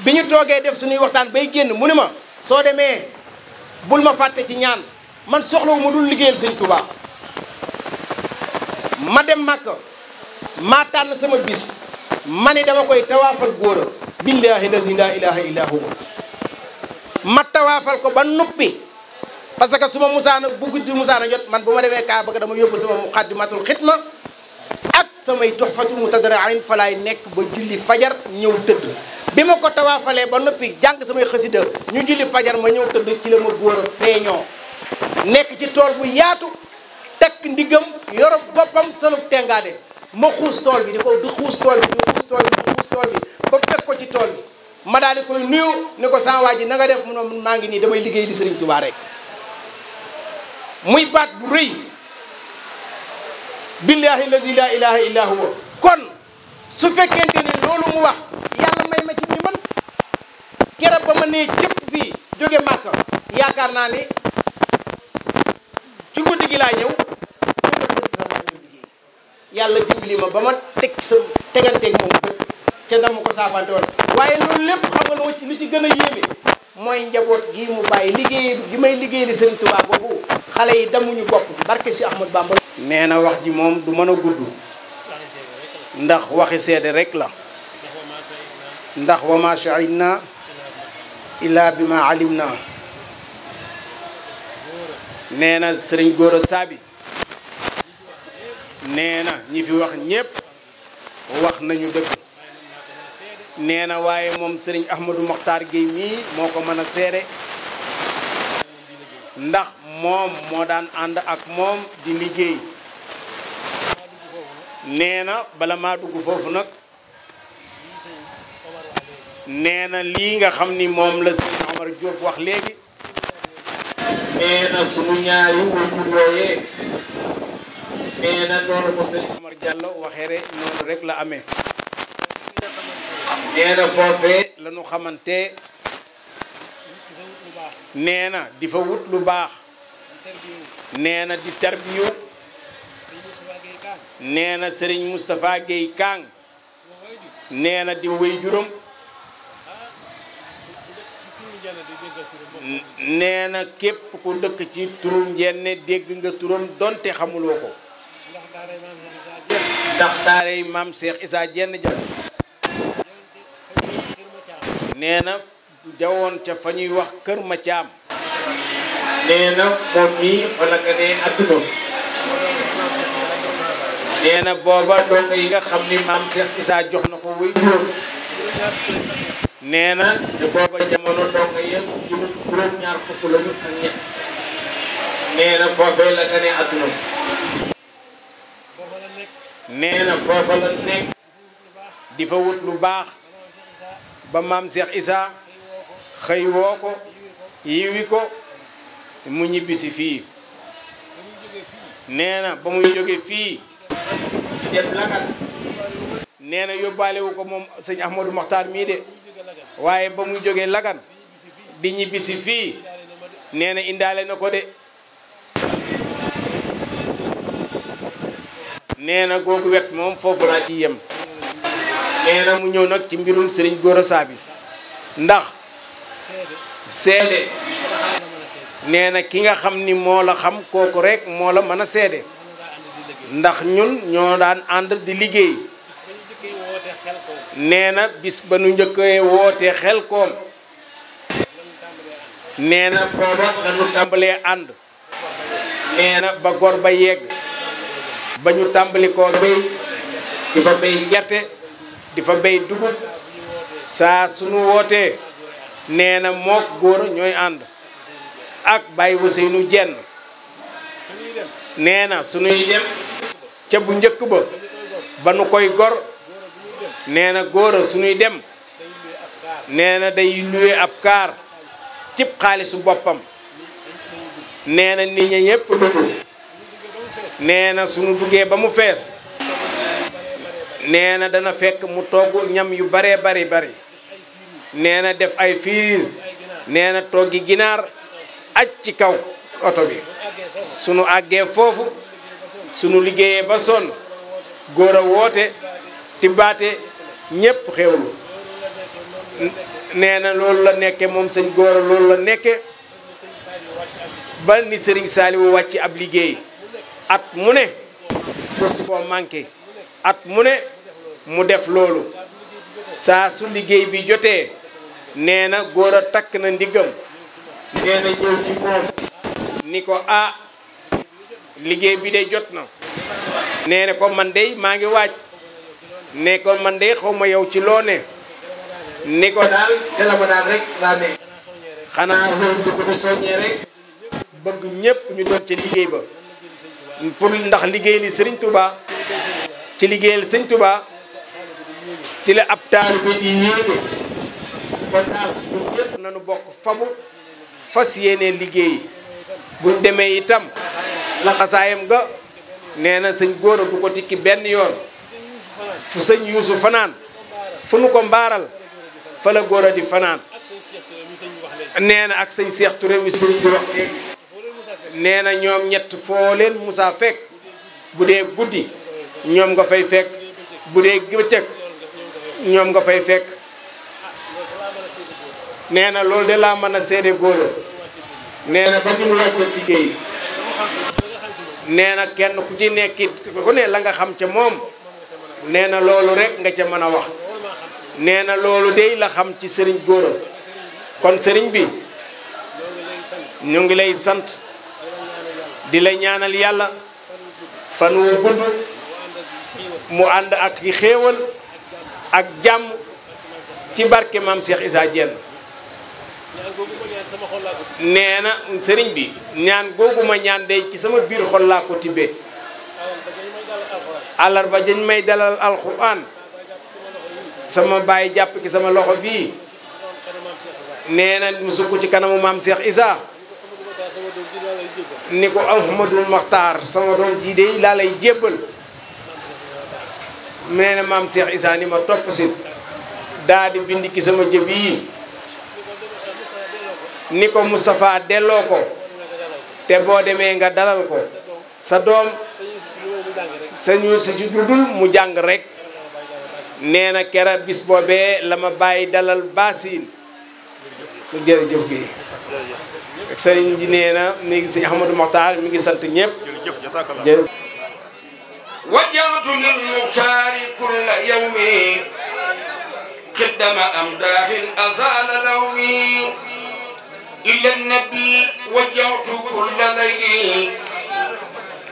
bi ñu toogee def suñuy waxtaan bay génn mu ne ma soo demee bul ma fàtte ci ñaan man soxlawu ma dul liggéeyal sëñ Touba ma dem màkk maa tànn sama bis ma ni dama koy tawaafal góor a billaahi lazi laa ilaaha illaa huwa ma tawaafal ko ba noppi parce que su ma musaana bu guddi musaana jot man bu ma demee kaa bëgg dama yóbbu sama muqaddimatul xidma ak samay tuhfatul mutadarrin fa laay nekk ba julli fajar ñëw tëdd bi ma ko tawaafalee ba noppi jàng samay xasida ñu julli fajar ma ñëw tëdd ci la ma góor a feeñoo nekk ci tool bu yaatu takk ndigam yorob boppam solub tengaade ma xuus tool bi di ko di xuus tool bi ko ci tool bi ma daal di koy nuyu ne ko saa waa ji na nga def mu ne ngi nii damay liggéey li Sëriñ Tuubaa rek muy baat bu rëy billahi lazi la ilaha illa huwa kon su fekkente ni loolu mu wax yàlla may ma ci ñu mën keroog ba ma nee cëpp fii jóge màkka yaakaar naa ne ci guddi gi laa ñëw yàlla dimbali ma ba ma teg sa teganteeg moom te dama ko saafante woon waaye loolu lépp xam nga lu lu ci gën a yéeme mooy njaboot gi mu bàyyi liggéey bi may liggéey li sëriñ Tuubaa boobu xale yi damuñu bopp bi si Ahmadu Bamba nee na wax ji moom du mën a gudd ndax waxi seede rek la ndax wa ma na illa bi ma alim na nee na sëriñ Gora Sabi nee na ñi fi wax ñépp wax nañu dëgg nee na waaye moom sëriñ Ahmadou Mokhtar Gueye mii moo ko mën a seere ndax moom moo daan ànd ak moom di liggéey nee na bala maa dugg foofu nag nee na lii nga xam ni moom la sëriñ Omar Diop wax léegi nee na sunu ñaari wajur yooyee nee na ko sëriñ Omar Diallo waxee rek rek la ame nee na foofee la ñu xamante nee na di fa wut lu baax neena di tarbiyu neena na Serigne Moustapha Gueye nee na di wéy juróom nee na képp ku dëkk ci turum njenne dégg nga turam donte xamuloo ko ndax daaray maam Cheikh ja nee na jawoon ca fa wax kër ma ci am na moom mi fa la ganee adduna nee boba do ngay nga xamni mam Cheikh isa jox nako ko wéy de boba jamono do booba jamono dong ya juróom ñaar fukk ñu ak ñet nee fofé la ganee adduna nee na foofa la nek difa wut lu bax ba maam Cheikh Issa xëy woo ko mu ñibbisi fii nee na ba muy jóge fii dem lagat nee na yóbbaale ko moom sëñ Ahmadou Mokhtar mii de waaye ba muy jógee lagan di ñibbisi fii nee indaale na ko de nee na googu wet moom foofu laa ci yem nee mu ñëw nag ci mbirum sëriñ Gora bi ndax seede nee na ki nga xam ni moo la xam kooku rek moo la mën a seede ndax ñun ñoo daan ànd di liggéey nee na bis ba nu njëkkee wootee xel koom nee na booba dañu tàmbalee ànd nee ba gor ba yegg ba ñu tàmbali koo béy gerte di fa béy dugub saa sunu wootee nee na mook góor ñooy ànd ak bàyyi wu nu jenn nee na sunuy dem ca bu njëkk ba ba nu koy gor nee na góor a sunuy dem nee na day luwe ab kaar cib xaalisu boppam nee na nit ña ñëpp dugg nee na sunu duggee ba mu fees nee na dana fekk mu togg ñam yu baree bari bari neena def ay fiir nee na toggi ginaar aj ci kaw oto bi sunu àggee foofu sunu liggéeyee ba sonn góor a woote tibbaate ñépp xewlu nee na loolu la nekke moom sëñ góor a loolu la nekke ba ni sëriñ Saaliwu wàcc ab liggéey at mu ne poste boo at mu ne mu def loolu saa su liggéey bi jotee nee na góor a takk na ndiggam nee na ci moom ni ko ah liggéey bi de jot na nee na ko man dey maa ngi waaj ne ko man dey xaw yow ci loo ne ni ko daal dala ma daal rek laa ne xanaa loolu du ko soññee rek bëgg ñépp ñu doon ci liggéey ba pour ndax liggéey li sëriñ Touba ci liggéeyal sëriñ Touba ci la ab taalibe bi yéene ba daal ñu ñëpp nañu bokk fabu fas yéene liggéey bu demee itam laxasaayam ga nee na sëñ góor a ko tikki benn yoon fu sëñ yuusu fanaan fu nu ko mbaaral fa la góor di fanaan nee na ak sëñ Seex Ture mi sëñ wax léegi ñoom ñett foo leen Musaa fekk bu dee guddi ñoom nga fay fekk bu dee bëccëg ñoom nga fay fekk nee na loolu de laa mën a seede góor nee nee na kenn ku ci nekkit ku ne la nga xam ca moom nee na loolu rekk nga ca man a wax nee na loolu de la xam ci sëriñ góor kon sëriñ bi ñu ngi lay sant di la ñaanal yàlla fan wu mu ànd ak i xéewal ak jàmm ci barke maam Cheikh Issa Diène nee na sëriñ bi ñaan googu ma ñaan day ci sama biir xol laa ko tibbee àllarba dañ may dalal alxuraan sama baay jàpp ci sama loxo bii nee na mu sukk ci kanamu maam seex Issa ni ko Ahmadul Maxtaar sama doom ji de laa lay jébbal nee na maam Cheikh Issa ni ma topp si daa bind ki sama jëf yii ni ko Moustapha delloo ko te boo demee nga dalal ko sa doom sañu si ci dudul mu jàng rekk nee na kera bis boobee la ma bàyyi dalal baasiin mu jërëjëf gi sëriñ bi nee na mi ngi si Ahmadou Mokhtar mu ngi sant ñëpp وجعت للمختار كل يوم قدم أمداح أزال لومي إلى النبي وجعت كل ليل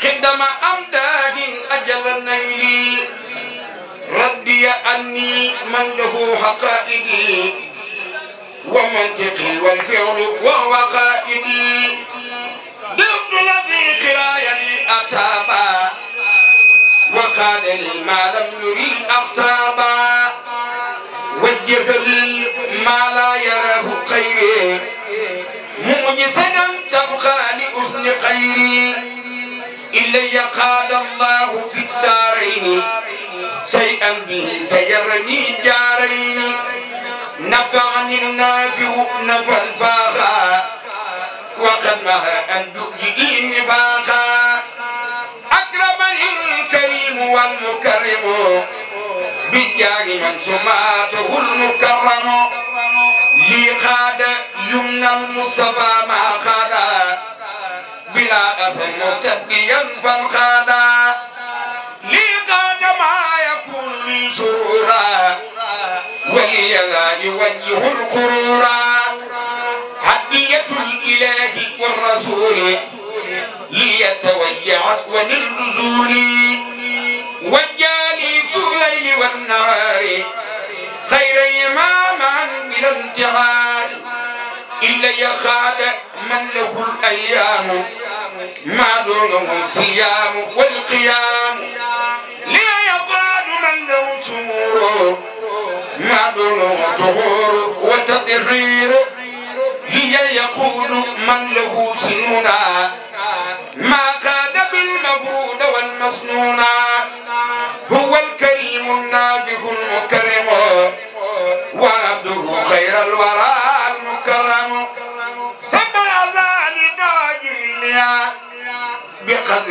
قدم أمداح أجل النيل ردي أني من له حقائدي ومنطقي والفعل وهو قائدي دفت الذي قرايا لي أتابع وقال لي ما لم يري الأقطاب وجه ما لا يراه خيري معجزة تبقى لأذن قيري إلي قاد الله في الدارين شيئا به سيرني جارين نفعني النافع نفع الفاخا وقد مها أن تؤجئي النفاق المكرم بجاه من سماته المكرم لي خاد يمنى المصطفى ما خاد بلا أثر مرتديا فالخاد لي خاد ما يكون لي سرورا ولي لا يوجه القرورا هدية الإله والرسول ليتوجعت وللنزول وجالي الليل والنهار خير إماما بلا انتهار إلا يخاد من له الأيام ما دونه الصيام والقيام لا يقعد من له سرور ما دونه طهور وتطهير لي يقول من له سنونا ما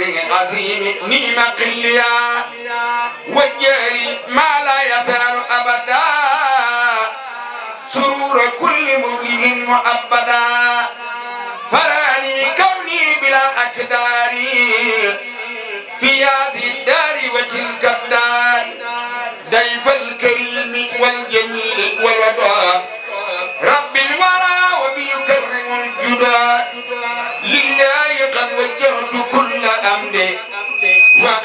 ذي عظيم نعم قليا وجاري ما لا يزال أبدا سرور كل مولد مؤبدا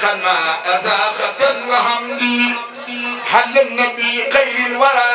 خنا أزا خطا وحمدي حل النبي خير الورى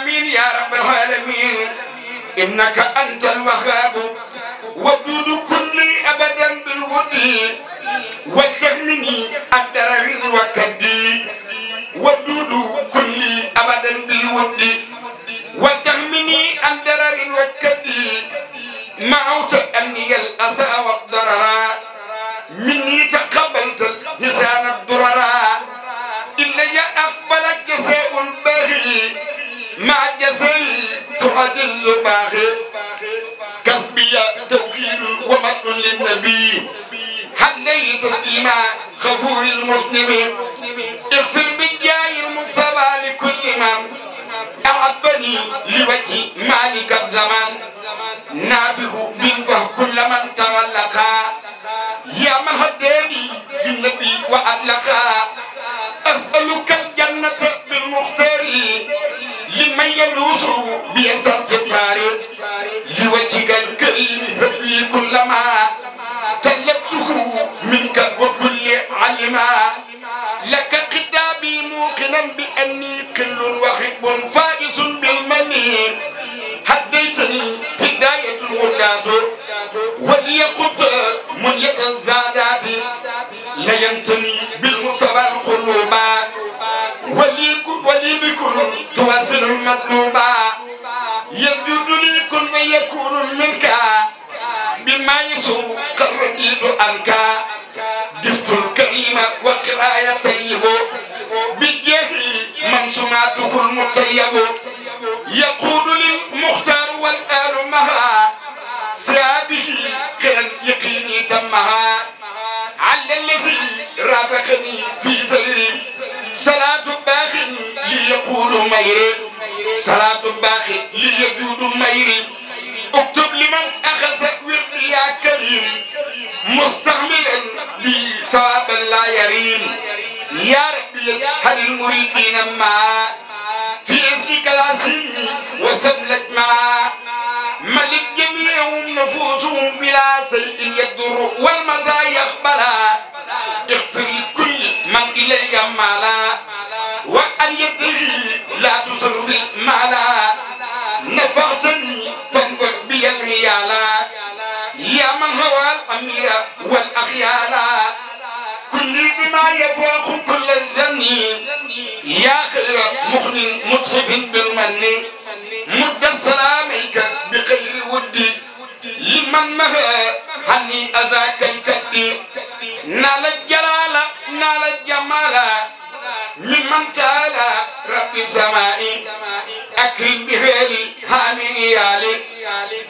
آمين يا رب العالمين إنك أنت الوهاب ودود كلي أبدا بالود وجهني أدرر وكدي الماء غفور المذنبين اغفر بالجاه المصابة لكل من أعبني لوجه مالك الزمان نافه بالفه كل من تغلقا يا من هديني بالنبي وأدلقا أسألك الجنة بالمختار لمن يلوس بيسات التاريخ لوجهك الكريم هب لي كل ما طلبته منك لنا بأني قل وخب فائز بالمني هديتني هداية الهداة وليقد من يتزادات لينتني بالمصابة القلوب ولي بكم توازن المطلوب يبدو لي كن فيكون منك بما يسوق الرديد عنك يغو يقول للمختار والآل مها سابه قرن يقيني تمها على الذي رافقني في سريري صلاة باخ ليقول ميري صلاة باخ ليجود ميري اكتب لمن أخذ ورد يا كريم مستعملا بصواب لا يريم يا ربي هل المريدين ما في أصل كلاسهم وسبلت ما ملك جميعهم نفوسهم بلا شيء يضر والمزايا يقبلا اغفر كل من الي مالا وأن يده لا تسرد مالا نفعتني فانفر بي الريالا يا من هوى الاميره والأخيالا كن بما يفوق كل الزن يا خير مخن متحف بالمن مد سلامك بخير ودي لمن مها هني ازاك الكدي نال الجلال نال الجمال لمن تعالى رب سمائي أكرم بخير هامي إيالي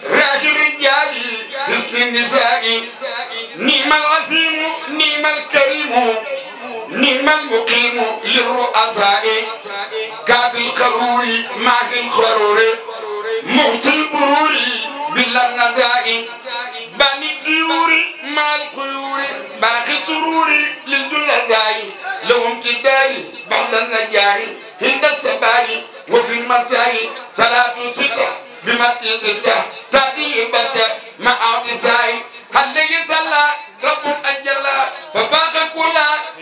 راجل رجالي حسن النسائي نعم العظيم نعم الكريم نعم المقيم للرؤساء كاف القرور ماك الخرور مهت البرور بلا النزاع بني الديور مع القيور باقي سروري للجلساء لهم تداري بعد النجاع هند السباري وفي المساء صلاة ستة بمتن ستة تأتي بتة ما اعتزائي هل صلى رب أجل ففاق كل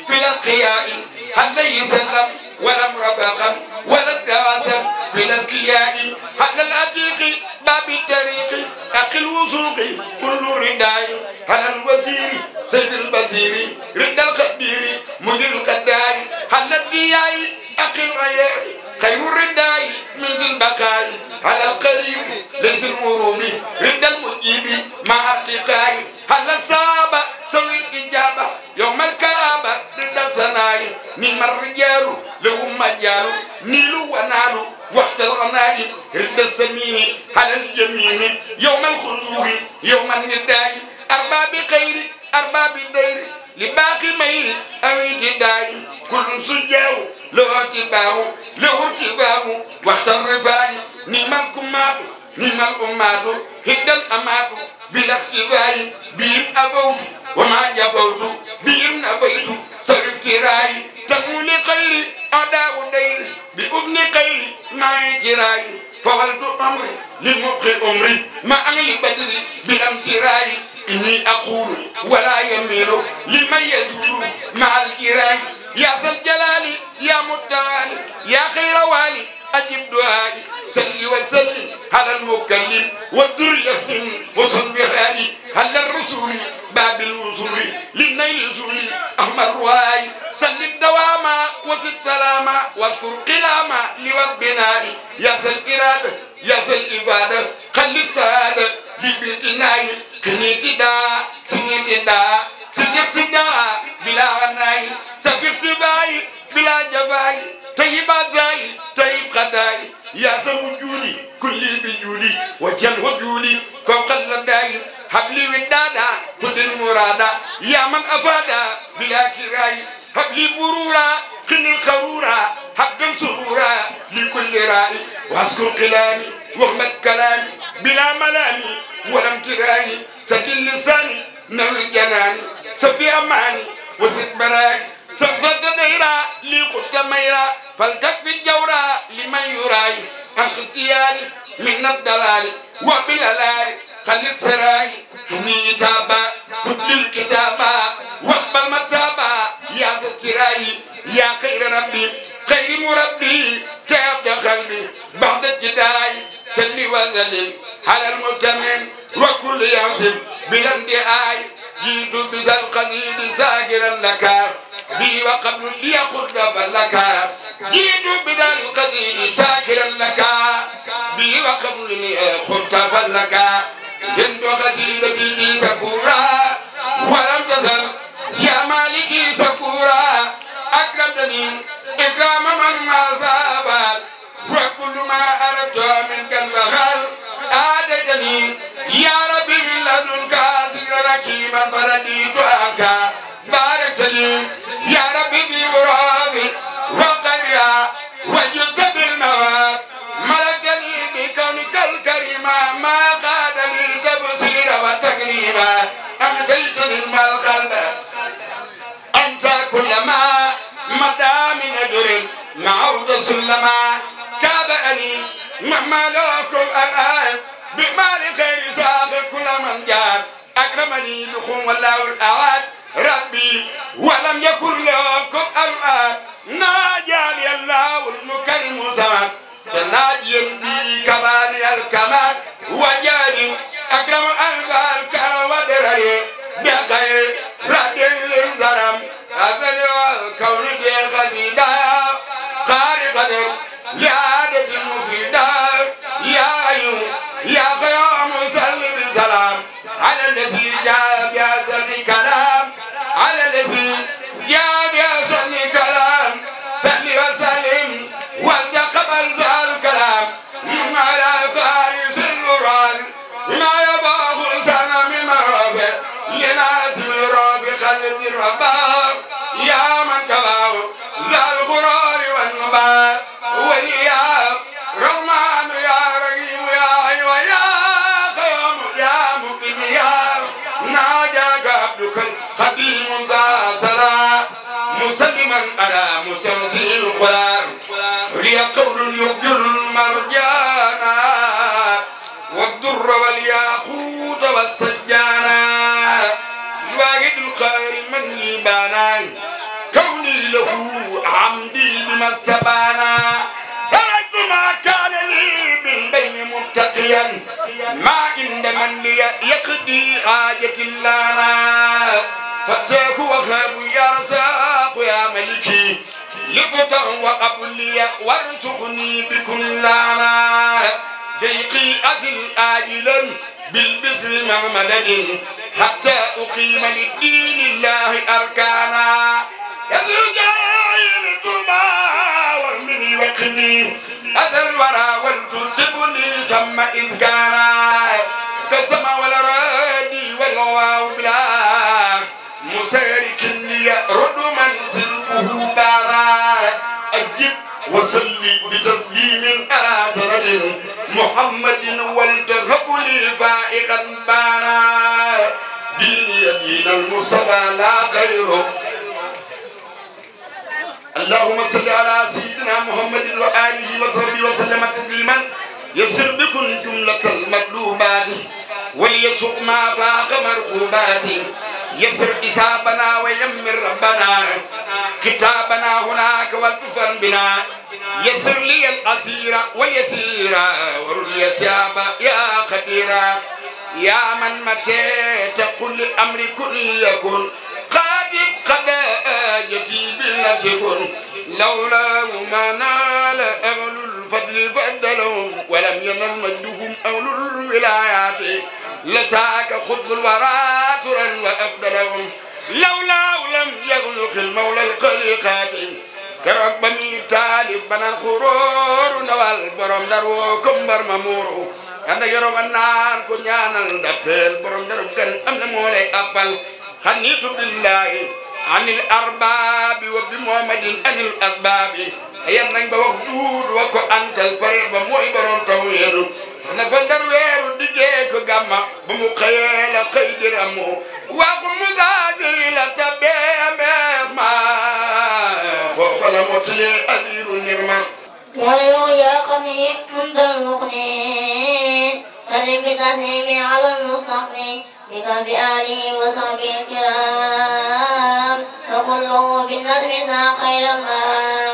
في الأنقياء هل سلم ولم رفاقا ولا التواسم في الأذكياء هل العتيق باب الطريق أخي الوسوق كل الرداء هل الوزير سيد البصير رد الخبير مدير القداء هل الدياء أقل غيالي خير الرداء مثل البقاء على القريب ليس المرومي رد المجيب مع ارتقاء هل الصابة سوي الإجابة يوم الكابة رد الصناعي نيم الرجال لهم مجال نيلو ونانو وقت الغناي رد السمين على الجميل يوم الخروج يوم النداء أرباب خير أرباب الدير لباقي ميري أريد داي كل سجاو له اتباع له اتباع وقت الرفاع نعم الكمات نعم الأمات هد الأمات بلا اختباع بهم أبوت وما جفوت بهم نفيت سرفتراي تنمو لخير أداء دير بأبن خير ما يجراي فولت أمري للمبقي أمري ما أغلي بدري بالامتراي إني أقول ولا يميل لمن يزول مع الجراي يا ذا الجلال يا متعال يا خير والي أجب دعائي صل وسلم على المكلم والدرية وصل بهائي هل الرسول باب الوصول للنيل سولي أحمد رواي سل الدوام وزد سلاما واذكر قلاما لوبناء يا ذا الإرادة يا ذا الإفادة خل السعادة لبيت النايم قنيت دا سنيت دا سنيت دا بلا غناي سفقت باي بلا جباي طيب ازاي طيب خداي يا ياسر وجودي كل بجودي وجل وجودي فوق اللداي هبلي ودادا كل المرادا يا من أفادا بلا كراي هبلي برورا كل الخرورا حبا سرورا لكل راي واذكر كلامي واغمد كلامي بلا ملامي ولم تراي سجل لساني نور الجناني سفي أماني وسن براك سفت ديرا لقد ميرا فلتكفي الجورا لمن يراي عن ختياري من الدلال وبالهلال خلت سراي تمي تابا كل الكتابا وبالمتابا يا ستراي يا خير ربي خير مربي تعب قلبي بعد ابتداي سلي وسلم على المتمم وكل يعصم بلا انتهاء جئت بسلقين ساجرا لك بي وقبل لي قربا لك جئت بسلقين ساكرا لك بي وقبل لي خطفا لك زند خطيبتي دي سكورا ولم تزل يا مالكي سكورا أكرمتني إكرام من ما صابت وكل ما أردت منك الوغل آدتني يا رب مكة بارتني يا رب في غرابي وقريا وجدت بالمواد ملكني بكونك الكريمة ما قاد لي تبصير وتكريما أمتيت من القلب أنسى كل ما مدى من أجر نعود سلما كاب أني لكم الآن بمال خير ساق كل من جاد أكرمني بخون والله الأعاد ربي ولم يكن لكم أمعاد ناجاني الله المكرم زمان تناجي ثور يخجر المرجانا والدر والياقوت والسجانا الواجد الخير من البانان كوني له عمدي بما استبانا تركت ما كان لي بالبين متقيا ما عند من لي يقضي حاجة لنا فتاك وخاب يا رزاق يا ملكي لفتا وأبلي وارزقني بكل لنا ضيقي أذل آجلا بالبذل مع مدد حتى أقيم للدين الله أركانا يذجاين طوبى ومن وقني أذى الورى والتدب لي ثم إن كان كسم والرادي والواو بلا مسارك لي ردم وصلي بتقديم آثرة محمد ولد لي فائقا بانا ديني دين المصطفى لا غيره اللهم صل على سيدنا محمد وآله وصحبه وسلم تسليما يسر بكم جملة المطلوبات وليسوق ما فاق مرخوبات يسر إسابنا ويمر ربنا كتابنا هناك والكفر بنا يسر لي الأسير واليسير ورد لي يا خديرا يا من متيت قل الأمر كلكم قد قد اجتي كن لولا ما نال أهل الفضل فضلهم ولم ينل مجدهم أهل الولايات لساك خذ الورى ترا وأفضلهم لولا لم يغلق المولى القلقات كرب مي تالب الخرور نوال برم دروكم كمبر anda yoro nga naan ko ñaanal dappeel borom darub gan am na moo lay appal xanitu billahi anil arbaabi wa bi muhammadin anil arbaabi yan nañ ba wax duud wa ko antal pare ba mooy borom tawhidu sax na fa ndar weeru diggee ko gamma ba mu xëyee la xëy diramu waa ko mudaasiri la tabbee mbeef ma foofa la motalee aliru nirma waaye yow yaa xam ne mun dal mu ko ne فذكر التسليم على المصطفى بقلب آله وصحبه الكرام فكله بالنجم سعى خير المرام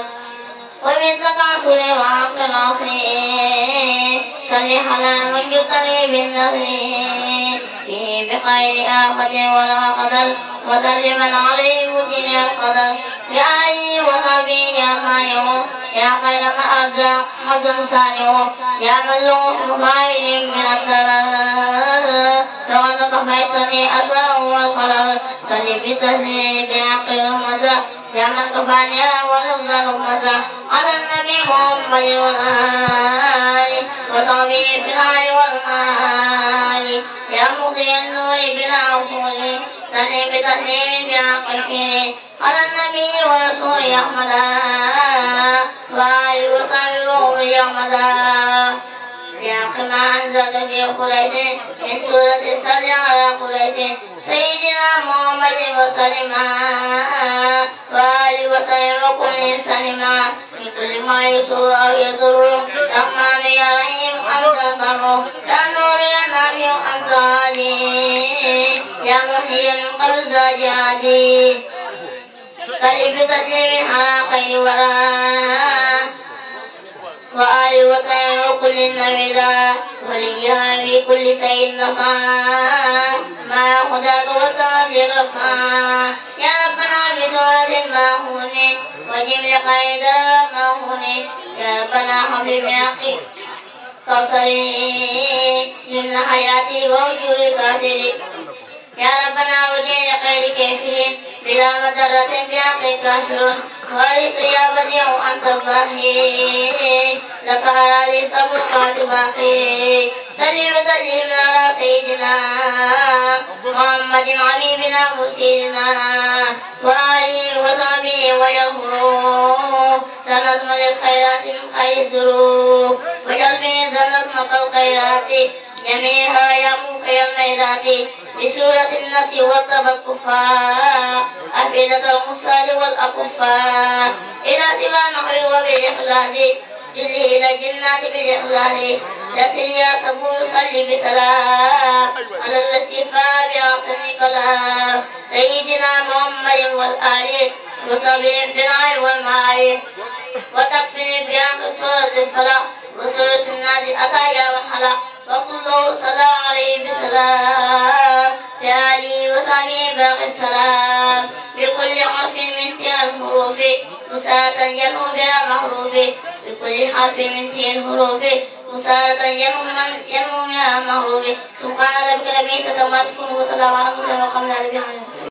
ومن تكاثر وعبد العصير صلح على من يطري بالنصير فيه بخير آفة ولا قدر وسلما عليه مدين القدر يا أي وهبي يا مانع يا خير ما أرجى حد صانع يا من له خير من الضرر لقد كفيتني الباء والقلم صل بتسليم بحق أمته يا من كفاني ولد أمته على النبي محمد والآل وصحبه في الحي والمال يا مقضي النور بلا عقول صل بتسليم بحق الفيل على النبي ورسول أحمد وآله وصحبه أحمد ما أنزلت في قريش من سورة صل على قريش سيدنا محمد وسلم وآله وسلم وكل سلم من كل ما يسوء أو يضر رحمن يا رحيم أنت بر سنور يا نبي أنت عادي يا محيي من قبل زاد عادي صلي بتسليم على خير ورائي وآل وسلم وكل رضا وليها في كل شيء نفعا ما خداك وكافي رفعا يا ربنا بسؤال ماهون وجمل خير ماهون يا ربنا حبل من حقك تصري من حياتي ووجود كاسري يا ربنا ولي خير كافرين بلا مضرة بحق كافرون وارث يا بديع أنت الباهي لك أراضي صبر كاتب أخي سليم تسليم على سيدنا محمد حبيبنا مرسلنا وآله وصحبه ويغفروا سنضمن الخيرات من خير سلوك وجعل به سنضمن الخيرات جميعها يقوم في الميدان بسورة الناس والطب الكفار أفئدة المصال والأكفار إلى سوى النحو وبالإخلاص جلي إلى الجنات بالإخلاص لكن يا صبور صلي بسلام على الاستيفاء بعصم كلام سيدنا محمد والآل وصبي في العين والمعين وتكفني بأنك صورة الفلا وصورة الناس أتى يا محلا فقل صلى عليه بسلام يا لي وسامي باقي السلام بكل حرف من تين حروفي مساءة ينمو بها محروف بكل حرف من تين حروفي مساءة ينمو من ينمو بها محروف سبحان ربك رب العزة عما وسلام على مسلم والحمد لله